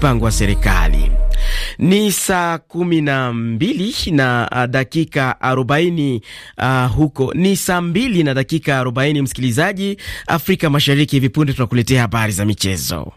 mpango wa serikali. Ni saa kumi na mbili na ah, dakika arobaini uh, huko ni saa mbili na dakika arobaini msikilizaji, Afrika Mashariki. Hivi punde tunakuletea habari za michezo.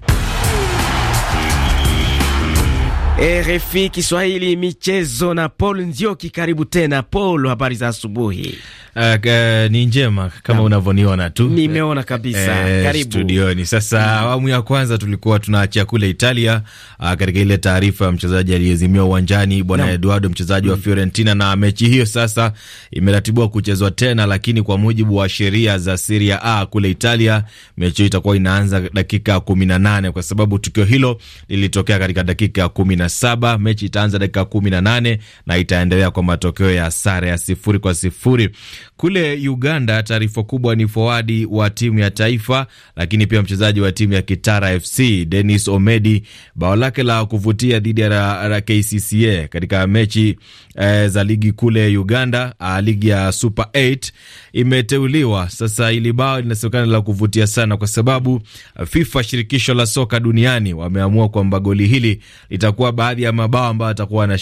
RFI Kiswahili michezo na Paul Nzioki, karibu tena Paul, habari za asubuhi. Uh, uh ni njema kama unavyoniona tu, nimeona kabisa. E, karibu studioni sasa. mm. Awamu ya kwanza tulikuwa tunaachia kule Italia, uh, katika ile taarifa ya mchezaji aliyezimia uwanjani bwana Eduardo, mchezaji wa mm. Fiorentina, na mechi hiyo sasa imeratibiwa kuchezwa tena, lakini kwa mujibu wa sheria za Serie A kule Italia, mechi hiyo itakuwa inaanza dakika 18 kwa sababu tukio hilo lilitokea katika dakika kumi saba. Mechi itaanza dakika kumi na nane na itaendelea kwa matokeo ya sare ya sifuri kwa sifuri. Kule Uganda, taarifa kubwa ni fowadi wa timu ya taifa lakini pia mchezaji wa timu ya Kitara FC Denis Omedi, bao lake la kuvutia dhidi ya KCCA katika mechi eh, za ligi kule Uganda, a, ligi ya Super 8 imeteuliwa sasa. Ili bao linasemekana la kuvutia sana, kwa sababu eh, FIFA, shirikisho la soka duniani, wameamua kwamba goli hili litakuwa baadhi ya mabao ambayo atakuwa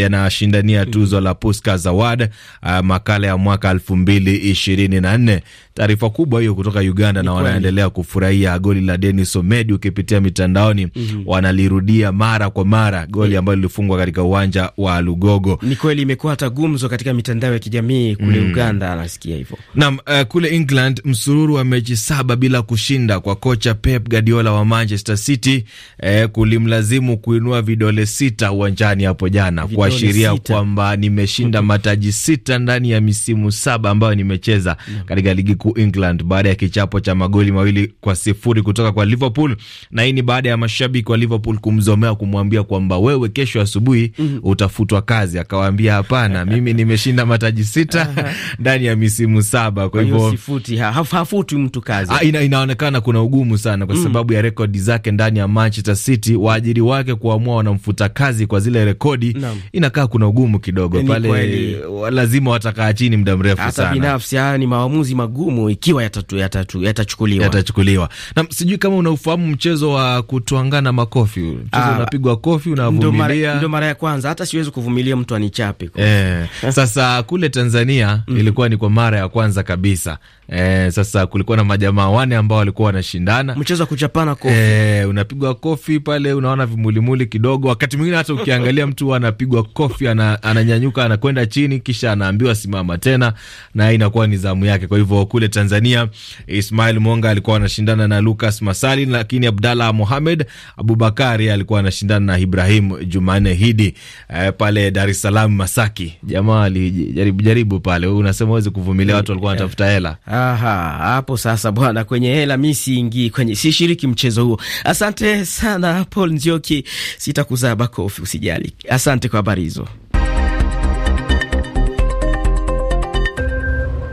yanashindania mm. tuzo la Puskas Award uh, makala ya mwaka elfu mbili ishirini na nne. Taarifa kubwa hiyo kutoka Uganda na wanaendelea kufurahia goli la Denis Omedi. Ukipitia mitandaoni mm -hmm. wanalirudia mara kwa mara goli ambalo lilifungwa katika uwanja wa Lugogo. Ni kweli imekuwa hata gumzo katika mitandao ya kijamii kule mm. Uganda, anasikia hivyo nam. Uh, kule England msururu wa mechi saba bila kushinda kwa kocha Pep Guardiola wa Manchester City uh, kulimlazimu kuinua vidole vidole sita uwanjani hapo jana, kuashiria kwamba nimeshinda mataji sita ndani ya misimu saba ambayo nimecheza mm. katika ligi kuu England, baada ya kichapo cha magoli mawili kwa sifuri kutoka kwa Liverpool, na hii ni baada ya mashabiki wa Liverpool kumzomea, kumwambia kwamba wewe kesho asubuhi mm-hmm. utafutwa kazi. Akawaambia hapana, mimi nimeshinda mataji sita ndani ya misimu saba, kwa hivyo sifuti, hafutwi mtu kazi. Ha, ah, ina, inaonekana kuna ugumu sana kwa mm. sababu ya rekodi zake ndani ya Manchester City, waajiri wake kuamua wanamfuta wafuta kazi kwa zile rekodi na, inakaa kuna ugumu kidogo pale kweli. Lazima watakaa chini muda mrefu sana hata binafsi haya ni maamuzi magumu ikiwa yatatu, yatatu, yatachukuliwa. yatachukuliwa Na sijui kama unaufahamu mchezo wa kutuangana makofi, mchezo ah, unapigwa kofi unavumilia, ndio mara ya kwanza, hata siwezi kuvumilia mtu anichape kwa eh. Sasa kule Tanzania mm, ilikuwa ni kwa mara ya kwanza kabisa eh. Sasa kulikuwa na majamaa wane ambao walikuwa wanashindana mchezo wa kuchapana kofi eh, unapigwa kofi pale, unaona vimulimuli kidogo wakati mwingine hata ukiangalia mtu anapigwa kofi ana, ananyanyuka anakwenda chini kisha anaambiwa simama tena, na inakuwa ni zamu yake. Kwa hivyo kule Tanzania Ismail Monga alikuwa anashindana na Lucas Masali, lakini Abdallah Mohamed Abubakari alikuwa anashindana na Ibrahim Jumanne Hidi eh, pale Dar es Salaam Masaki. Jamaa alijaribu jaribu pale, unasema uweze kuvumilia, watu walikuwa wanatafuta hela. Aha, hapo sasa bwana, kwenye hela mi siingii kwenye, sishiriki mchezo huo. Asante sana Paul Nzioki, sitakuza za back usijali. Asante kwa habari hizo.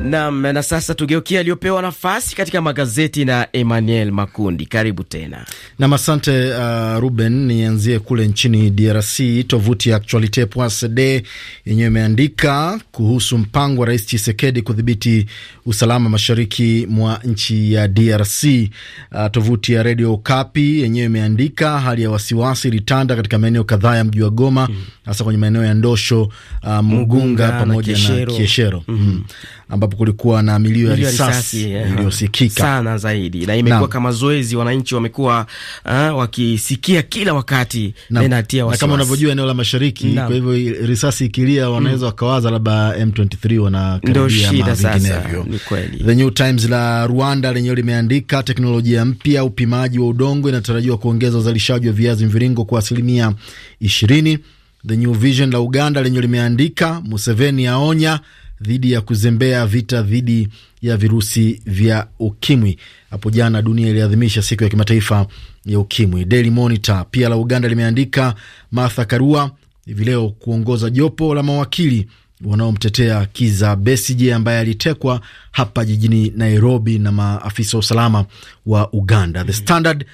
Nam, na sasa tugeukia aliyopewa nafasi katika magazeti na Emmanuel Makundi. Karibu tena. Nam, asante uh, Ruben. Nianzie kule nchini DRC. Tovuti ya Actualite yenyewe imeandika kuhusu mpango wa Rais Chisekedi kudhibiti usalama mashariki mwa nchi ya DRC. Uh, tovuti ya Radio Kapi yenyewe imeandika hali ya wasiwasi ilitanda katika maeneo kadhaa ya mji wa Goma hmm hasa kwenye maeneo ya Ndosho, uh, Mugunga pamoja na Kieshero, mm -hmm. ambapo kulikuwa na milio ya risasi eh, eh, iliyosikika sana zaidi, na imekuwa kama zoezi, wananchi wamekuwa uh, wakisikia kila wakati na inatia wasiwasi, kama unavyojua eneo la mashariki na. Kwa hivyo risasi ikilia wanaweza mm. wakawaza labda M23 wanakaribia na vinginevyo. The New Times la Rwanda lenyewe limeandika teknolojia mpya upimaji wa udongo inatarajiwa kuongeza uzalishaji wa viazi mviringo kwa asilimia ishirini. The New Vision la Uganda lenye limeandika Museveni aonya dhidi ya kuzembea vita dhidi ya virusi vya ukimwi. Hapo jana dunia iliadhimisha siku ya kimataifa ya ukimwi. Daily Monitor pia la Uganda limeandika Martha Karua hivi leo kuongoza jopo la mawakili wanaomtetea Kiza Besije ambaye alitekwa hapa jijini Nairobi na maafisa wa usalama wa Uganda. The Standard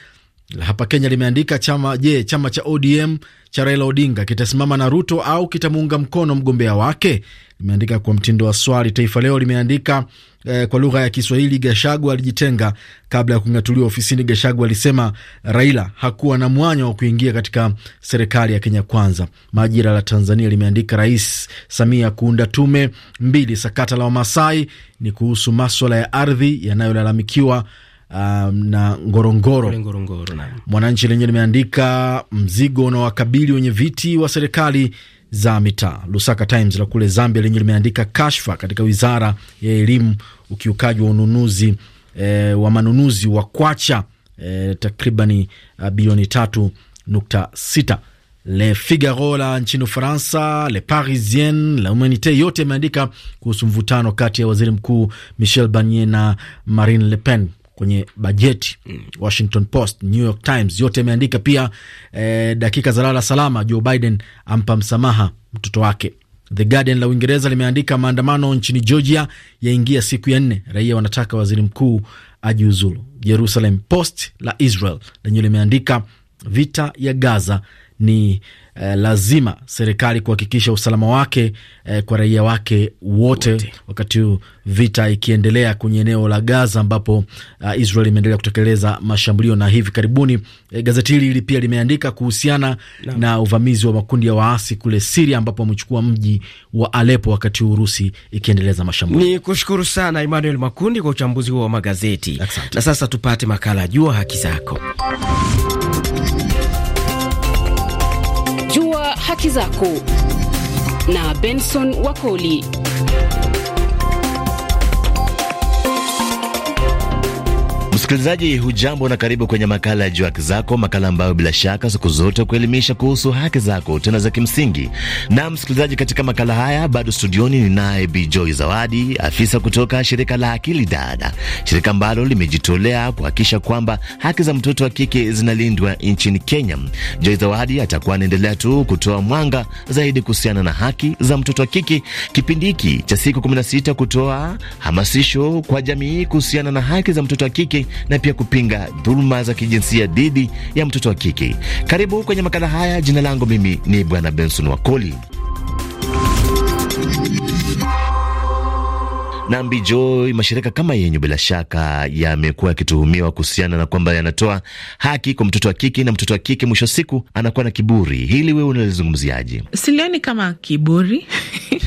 hapa Kenya limeandika chama, je, chama cha ODM cha Raila Odinga kitasimama na Ruto au kitamuunga mkono mgombea wake? Limeandika kwa mtindo wa swali. Taifa Leo limeandika eh, kwa lugha ya Kiswahili, Gashagu alijitenga kabla ya kung'atuliwa ofisini. Gashagu alisema Raila hakuwa na mwanya wa kuingia katika serikali ya Kenya Kwanza. Majira la Tanzania limeandika Rais Samia kuunda tume mbili, sakata la Wamasai ni kuhusu maswala ya ardhi yanayolalamikiwa um, na Ngorongoro, Ngorongoro. Mwananchi lenyewe limeandika mzigo unawakabili wenye viti wa serikali za mitaa. Lusaka Times la kule Zambia lenye limeandika kashfa katika wizara ya elimu, ukiukaji wa ununuzi e, wa manunuzi wa kwacha e, eh, takribani uh, bilioni tatu nukta sita. Le Figaro la nchini Ufaransa, Le Parisien, La Humanite yote yameandika kuhusu mvutano kati ya waziri mkuu Michel Barnier na Marine Le Pen kwenye bajeti. Washington Post, New York Times yote yameandika pia. Eh, dakika za lala salama, Joe Biden ampa msamaha mtoto wake. The Guardian la Uingereza limeandika maandamano nchini Georgia yaingia siku ya nne, raia wanataka waziri mkuu ajiuzulu. Jerusalem Post la Israel lenyewe limeandika vita ya Gaza ni eh, lazima serikali kuhakikisha usalama wake eh, kwa raia wake wote, wote. Wakati huu vita ikiendelea kwenye eneo la Gaza ambapo uh, Israel imeendelea kutekeleza mashambulio na hivi karibuni eh, gazeti hili hili pia limeandika kuhusiana na, na uvamizi wa makundi ya waasi kule Siria ambapo wamechukua mji wa Alepo wakati huu Urusi ikiendeleza mashambulio. Ni kushukuru sana Emmanuel Makundi kwa uchambuzi huo wa magazeti. Asante. Na sasa tupate makala Jua Haki Zako. haki zako na Benson Wakoli. Msikilizaji hujambo na karibu kwenye makala ya juu Haki Zako, makala ambayo bila shaka siku zote kuelimisha kuhusu haki zako tena za kimsingi. Na msikilizaji, katika makala haya bado studioni ninaye Bi Joy Zawadi, afisa kutoka shirika la Akili Dada, shirika ambalo limejitolea kuhakikisha kwamba haki za mtoto wa kike zinalindwa nchini Kenya. Joy Zawadi atakuwa anaendelea tu kutoa mwanga zaidi kuhusiana na haki za mtoto wa kike kipindi hiki cha siku 16 kutoa hamasisho kwa jamii kuhusiana na haki za mtoto wa kike na pia kupinga dhuluma za kijinsia dhidi ya mtoto wa kike. Karibu kwenye makala haya. Jina langu mimi ni Bwana Benson Wakoli. Nambi Joy, mashirika kama yenyu bila shaka yamekuwa yakituhumiwa kuhusiana na kwamba yanatoa haki kwa mtoto wa kike, na mtoto wa kike mwisho wa siku anakuwa na kiburi. Hili wewe unalizungumziaje? Silioni kama kiburi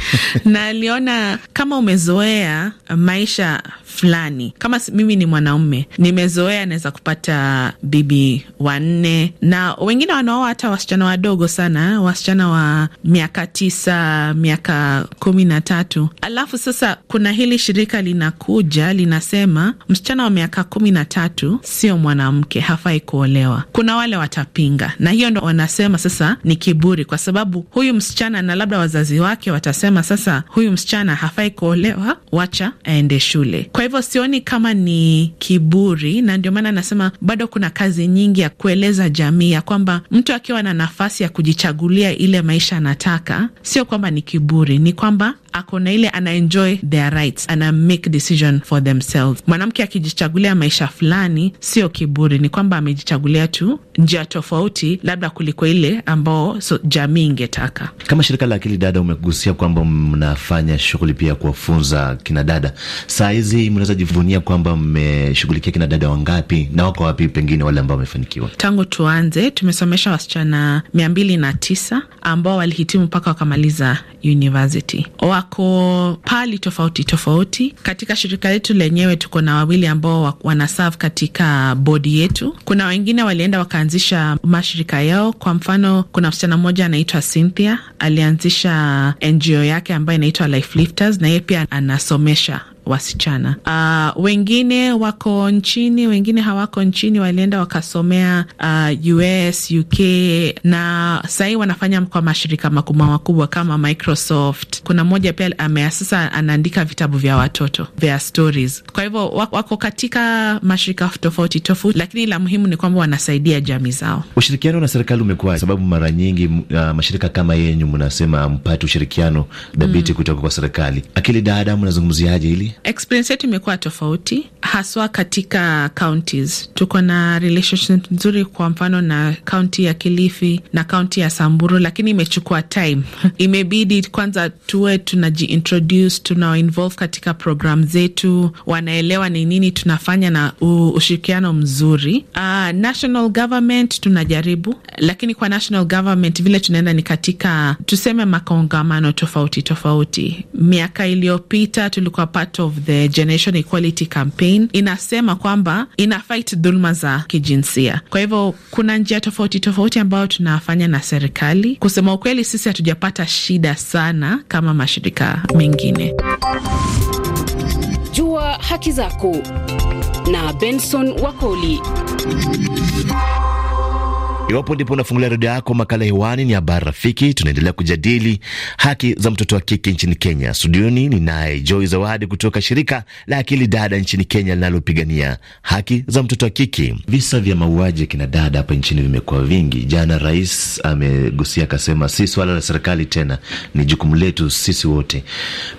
na aliona kama umezoea maisha fulani, kama mimi ni mwanaume nimezoea, naweza kupata bibi wanne, na wengine wanaoa hata wasichana wadogo sana, wasichana wa miaka tisa, miaka kumi na tatu. Alafu sasa kuna hili shirika linakuja linasema msichana wa miaka kumi na tatu sio mwanamke, hafai kuolewa. Kuna wale watapinga, na hiyo ndo wanasema sasa ni kiburi, kwa sababu huyu msichana na labda wazazi wake watas wanasema sasa huyu msichana hafai kuolewa, wacha aende shule. Kwa hivyo sioni kama ni kiburi, na ndio maana anasema bado kuna kazi nyingi ya kueleza jamii ya kwamba mtu akiwa na nafasi ya kujichagulia ile maisha anataka, sio kwamba ni kiburi, ni kwamba ako na ile ana enjoy their rights, ana make decision for themselves. Mwanamke akijichagulia maisha fulani, sio kiburi, ni kwamba amejichagulia tu njia tofauti labda kuliko ile ambao so, jamii ingetaka. Kama shirika la Akili Dada, umegusia kwamba mnafanya shughuli pia ya kuwafunza kinadada. Saa hizi mnaweza jivunia kwamba mmeshughulikia kinadada wangapi na wako wapi, pengine wale ambao wamefanikiwa? Tangu tuanze tumesomesha wasichana mia mbili na tisa ambao walihitimu mpaka wakamaliza university. Wa wako pali tofauti tofauti. Katika shirika letu lenyewe tuko na wawili ambao wanaserve katika bodi yetu. Kuna wengine walienda wakaanzisha mashirika yao. Kwa mfano, kuna msichana mmoja anaitwa Cynthia alianzisha NGO yake ambayo inaitwa Life Lifters, na yeye pia anasomesha wasichana. Uh, wengine wako nchini, wengine hawako nchini, walienda wakasomea uh, US, UK na sahii wanafanya kwa mashirika makubwa makubwa kama Microsoft. Kuna mmoja pia ameasasa, anaandika vitabu vya watoto vya stories. Kwa hivyo wako katika mashirika tofauti tofauti, lakini la muhimu ni kwamba wanasaidia jamii zao. Ushirikiano na serikali umekuwa sababu, mara nyingi uh, mashirika kama yenyu mnasema mpate ushirikiano dhabiti mm, kutoka kwa serikali. Akili daadamu, nazungumziaje hili? Experience yetu imekuwa tofauti, haswa katika counties. Tuko na relationship nzuri, kwa mfano na kaunti ya Kilifi na kaunti ya Samburu, lakini imechukua time imebidi kwanza tuwe tunajiintroduce, tunawainvolve katika program zetu, wanaelewa ni nini tunafanya na ushirikiano mzuri. Uh, national government tunajaribu, lakini kwa national government vile tunaenda ni katika tuseme makongamano tofauti tofauti. Miaka iliyopita tulikuwa pato of the Generation Equality Campaign inasema kwamba ina fight dhuluma za kijinsia. Kwa hivyo kuna njia tofauti tofauti ambayo tunafanya na serikali. Kusema ukweli, sisi hatujapata shida sana kama mashirika mengine. Jua haki zako na Benson Wakoli Iwapo ndipo unafungulia redio yako, makala hewani ni habari rafiki. Tunaendelea kujadili haki za mtoto wa kike nchini Kenya. Studioni ni naye Joy Zawadi kutoka shirika la Akili Dada nchini Kenya linalopigania haki za mtoto wa kike. Visa vya mauaji ya kina dada hapa nchini vimekuwa vingi. Jana rais amegusia akasema, si swala la serikali tena, ni jukumu letu sisi wote.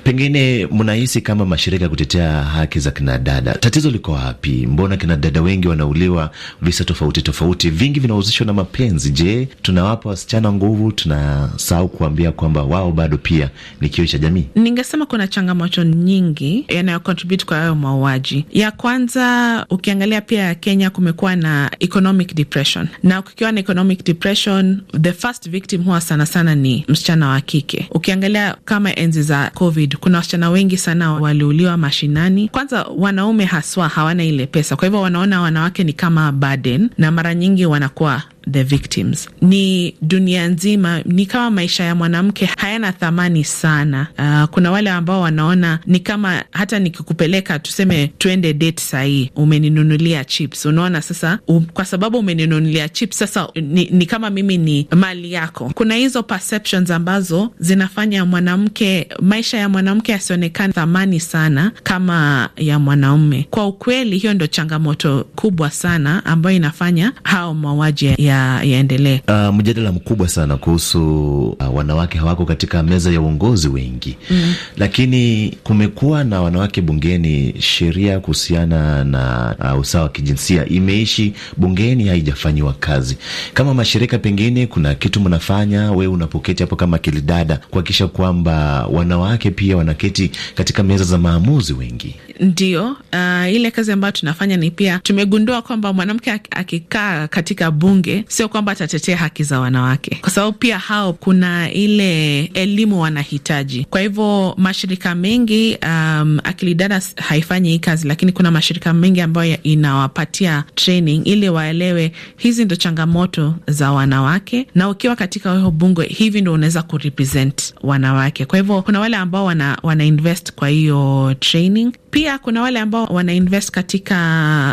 Pengine mnahisi kama mashirika ya kutetea haki za kina dada, tatizo liko wapi? Mbona kina dada wengi wanauliwa, visa tofauti tofauti vingi vinahusishwa na mapenzi. Je, tunawapa wasichana nguvu, tunasahau kuambia kwamba wao bado pia ni kioo cha jamii? Ningesema kuna changamoto nyingi yanayo kwa hayo mauaji. Ya kwanza, ukiangalia pia Kenya kumekuwa na economic depression, na ukikiwa na economic depression, the first victim huwa sana sana ni msichana wa kike. Ukiangalia kama enzi za COVID, kuna wasichana wengi sana waliuliwa mashinani. Kwanza wanaume haswa hawana ile pesa, kwa hivyo wanaona wanawake ni kama burden, na mara nyingi wanakuwa the victims. Ni dunia nzima, ni kama maisha ya mwanamke hayana thamani sana. Uh, kuna wale ambao wanaona ni kama hata nikikupeleka tuseme tuende date sahii, umeninunulia chips, unaona sasa um, kwa sababu umeninunulia chips sasa ni, ni kama mimi ni mali yako. Kuna hizo perceptions ambazo zinafanya mwanamke, maisha ya mwanamke yasionekana thamani sana kama ya mwanaume. Kwa ukweli, hiyo ndo changamoto kubwa sana ambayo inafanya hao mauaji ya yaendelee. uh, mjadala mkubwa sana kuhusu uh, wanawake hawako katika meza ya uongozi wengi mm. Lakini kumekuwa na wanawake bungeni, sheria kuhusiana na uh, usawa wa kijinsia imeishi bungeni, haijafanyiwa kazi. Kama mashirika, pengine kuna kitu mnafanya wewe unapoketi hapo kama kilidada kuhakikisha kwamba wanawake pia wanaketi katika meza za maamuzi wengi? Ndio, uh, ile kazi ambayo tunafanya ni pia tumegundua kwamba mwanamke akikaa katika bunge sio kwamba atatetea haki za wanawake, kwa sababu pia hao kuna ile elimu wanahitaji. Kwa hivyo mashirika mengi um, akili dada haifanyi hii kazi, lakini kuna mashirika mengi ambayo inawapatia training ili waelewe hizi ndo changamoto za wanawake, na ukiwa katika weho bunge, hivi ndo unaweza kurepresent wanawake. Kwa hivyo kuna wale ambao wana, wana invest kwa hiyo training pia kuna wale ambao wana invest katika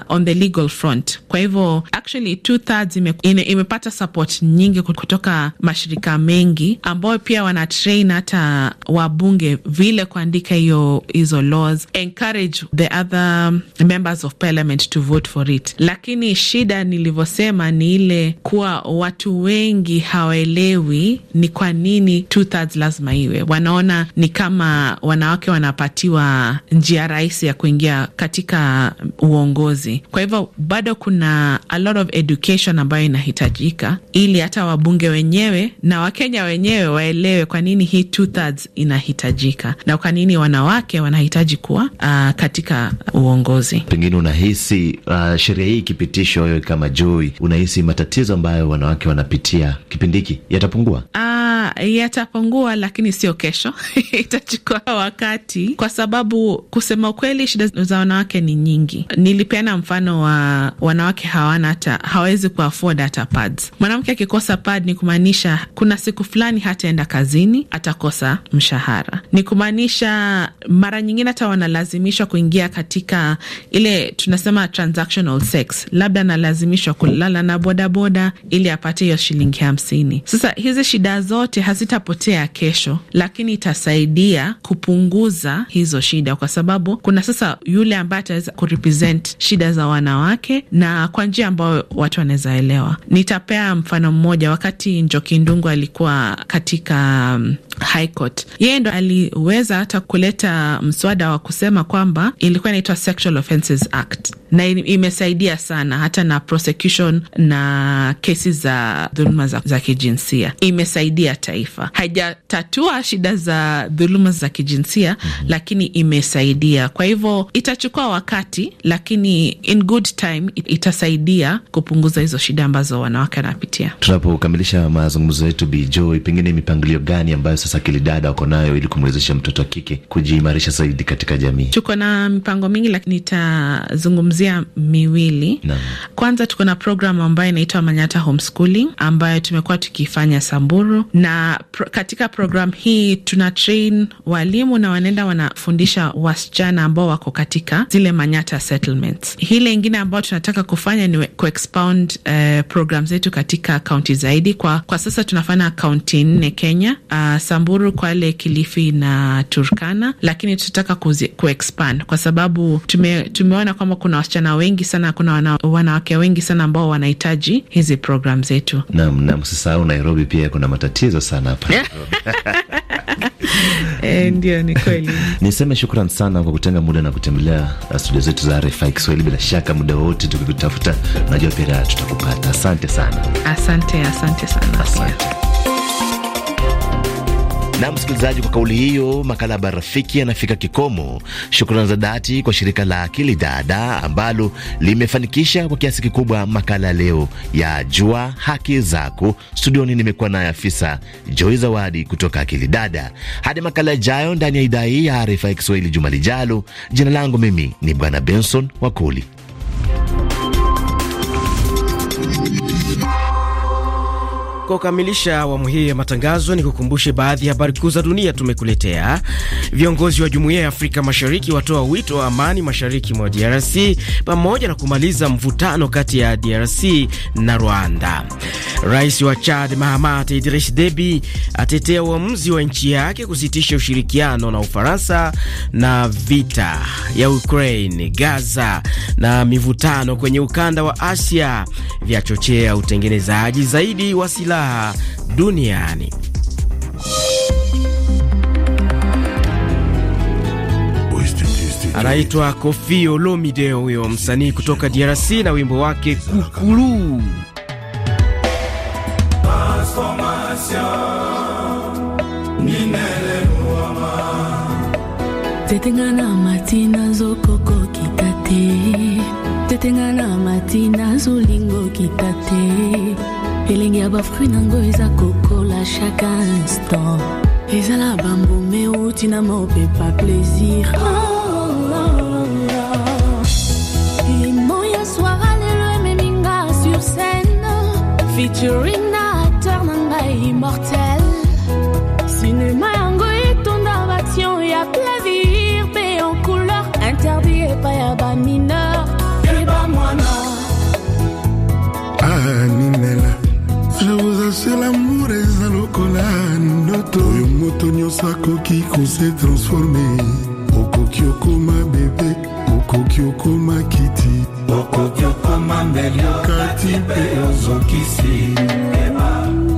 uh, on the legal front. Kwa hivyo actually two thirds ime, ime, imepata support nyingi kutoka mashirika mengi ambao pia wana train hata wabunge vile kuandika hiyo hizo laws, encourage the other members of parliament to vote for it. Lakini shida nilivyosema ni ile kuwa watu wengi hawaelewi ni kwa nini two thirds lazima iwe, wanaona ni kama wanawake wanapatiwa njia rahisi rahisi ya kuingia katika uongozi. Kwa hivyo bado kuna a lot of education ambayo inahitajika ili hata wabunge wenyewe na Wakenya wenyewe waelewe kwa nini hii two thirds inahitajika na kwa nini wanawake wanahitaji kuwa uh, katika uongozi. Pengine unahisi uh, sheria hii ikipitishwa wewe kama Joy, unahisi matatizo ambayo wanawake wanapitia kipindi hiki yatapungua? uh, yatapungua, lakini sio kesho itachukua wakati, kwa sababu kusema ukweli, shida za wanawake ni nyingi. Nilipeana mfano wa wanawake hawana hata hawawezi kuafford hata pads. Mwanamke akikosa pad ni kumaanisha kuna siku fulani hataenda kazini, atakosa mshahara. Ni kumaanisha mara nyingine hata wanalazimishwa kuingia katika ile tunasema transactional sex, labda analazimishwa kulala na bodaboda ili apate hiyo shilingi hamsini. Sasa hizi shida zote zote hazitapotea kesho, lakini itasaidia kupunguza hizo shida, kwa sababu kuna sasa yule ambaye ataweza kurepresent shida za wanawake na kwa njia ambayo watu wanaweza elewa. Nitapea mfano mmoja. Wakati Njoki Ndungu alikuwa katika um, High Court, yeye ndo aliweza hata kuleta mswada wa kusema kwamba ilikuwa inaitwa Sexual Offences Act na imesaidia sana hata na prosecution na kesi za dhuluma za, za kijinsia imesaidia kimataifa. Haijatatua shida za dhuluma za kijinsia mm -hmm. Lakini imesaidia, kwa hivyo itachukua wakati, lakini in good time itasaidia kupunguza hizo shida ambazo wanawake wanapitia. Tunapokamilisha mazungumzo yetu, Bijoi, pengine mipangilio gani ambayo sasa kilidada wako nayo ili kumwezesha mtoto wa kike kujiimarisha zaidi katika jamii? Tuko na mipango mingi, lakini nitazungumzia miwili na. Kwanza tuko na programu ambayo inaitwa Manyata Homeschooling ambayo tumekuwa tukifanya Samburu na pro, katika programu hii tuna train walimu na wanaenda wanafundisha wasichana ambao wako katika zile Manyata settlements. Hile ingine ambayo tunataka kufanya ni kuexpound uh, eh, program zetu katika kaunti zaidi. Kwa, kwa sasa tunafanya kaunti nne Kenya, uh, Samburu, Kwale, Kilifi na Turkana, lakini tunataka kuexpand kwa sababu tume, tumeona kwamba kuna wasichana wengi sana, kuna wana, wanawake wengi sana ambao wanahitaji hizi program zetu. Naam, naam, sisahau Nairobi pia kuna matatizo sana hapa eh? Eh, ndio ni kweli. Niseme shukran sana kwa kutenga muda na kutembelea eh, studio zetu za RFI Kiswahili. Bila shaka muda wote tukikutafuta, najua pia tutakupata. Asante sana, asante, asante sana, asante. Na msikilizaji, kwa kauli hiyo, makala ya barafiki yanafika kikomo. Shukrani za dhati kwa shirika la Akili Dada ambalo limefanikisha kwa kiasi kikubwa makala leo ya Jua Haki Zako. Studioni nimekuwa naye afisa Joy Zawadi kutoka Akili Dada. Hadi makala yajayo ndani ya idhaa hii ya RFI Kiswahili juma lijalo, jina langu mimi ni Bwana Benson Wakuli. Kwa kukamilisha awamu hii ya matangazo, ni kukumbushe baadhi ya habari kuu za dunia tumekuletea. Viongozi wa jumuiya ya Afrika Mashariki watoa wito wa amani mashariki mwa DRC pamoja na kumaliza mvutano kati ya DRC na Rwanda. Rais wa Chad Mahamat Idris Deby atetea uamuzi wa nchi yake kusitisha ushirikiano na Ufaransa na vita ya Ukraine, Gaza na mivutano kwenye ukanda wa Asia vyachochea utengenezaji zaidi wa silaha silaha duniani. Anaitwa Kofi Olomide, huyo msanii kutoka DRC na wimbo wake Kukulu. tetengana tetengana elenge ya bafruit nango eza kokola chaque instant ezala bambuma euti na mopepa plaisir oh. oh, oh. featuring na acteur na ngai immortel naoza sur l'amour eza lokola ndoto oyo moto nyonso akoki kose transforme okoki okoma bebe okoki okoma kiti okoki okoma mbeli okati mpe ozokisi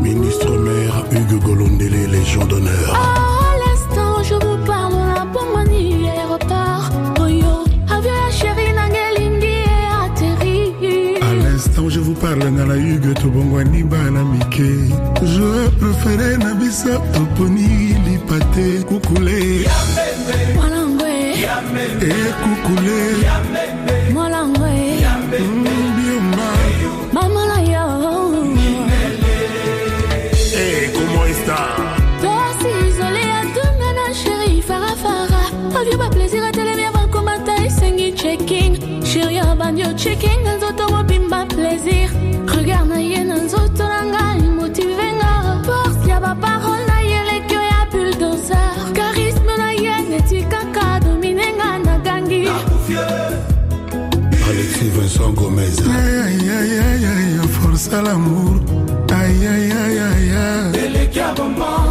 ministre maire hugue golondele légion d'honneur ah tobongwani bana mike joe prefere na biso toponi lipate kukule ekukule e bioma mamala yo ekomoista tosi izole ya tunga na sheri farafara avyo baplaisir atelemi avakomata esengi checking sheri abandi yo checking nzoto mobimba plaisir meza. Ay, ay, ay, ay, forza l'amour. Ay, ay, ay, ay, ay. Eleki ya maman.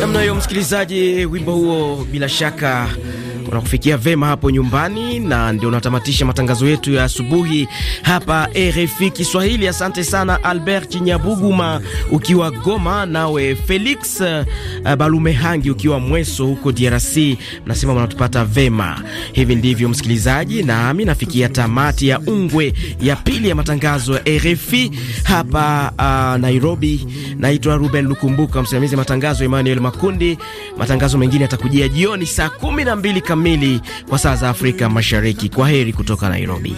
Namna hiyo msikilizaji, wimbo huo bila shaka unakufikia vema hapo nyumbani, na ndio unatamatisha matangazo yetu ya asubuhi hapa RFI Kiswahili. Asante sana Albert Chinyabuguma ukiwa Goma, nawe Felix eh, Balumehangi ukiwa Mweso huko DRC, mnasema mnatupata vema. Hivi ndivyo msikilizaji, nami nafikia tamati ya ungwe ya pili ya matangazo ya RFI hapa uh, Nairobi. Naitwa Ruben Lukumbuka, msimamizi matangazo Emmanuel Makundi. Matangazo mengine yatakujia jioni saa 12 kam kamili kwa saa za Afrika Mashariki. Kwa heri kutoka Nairobi.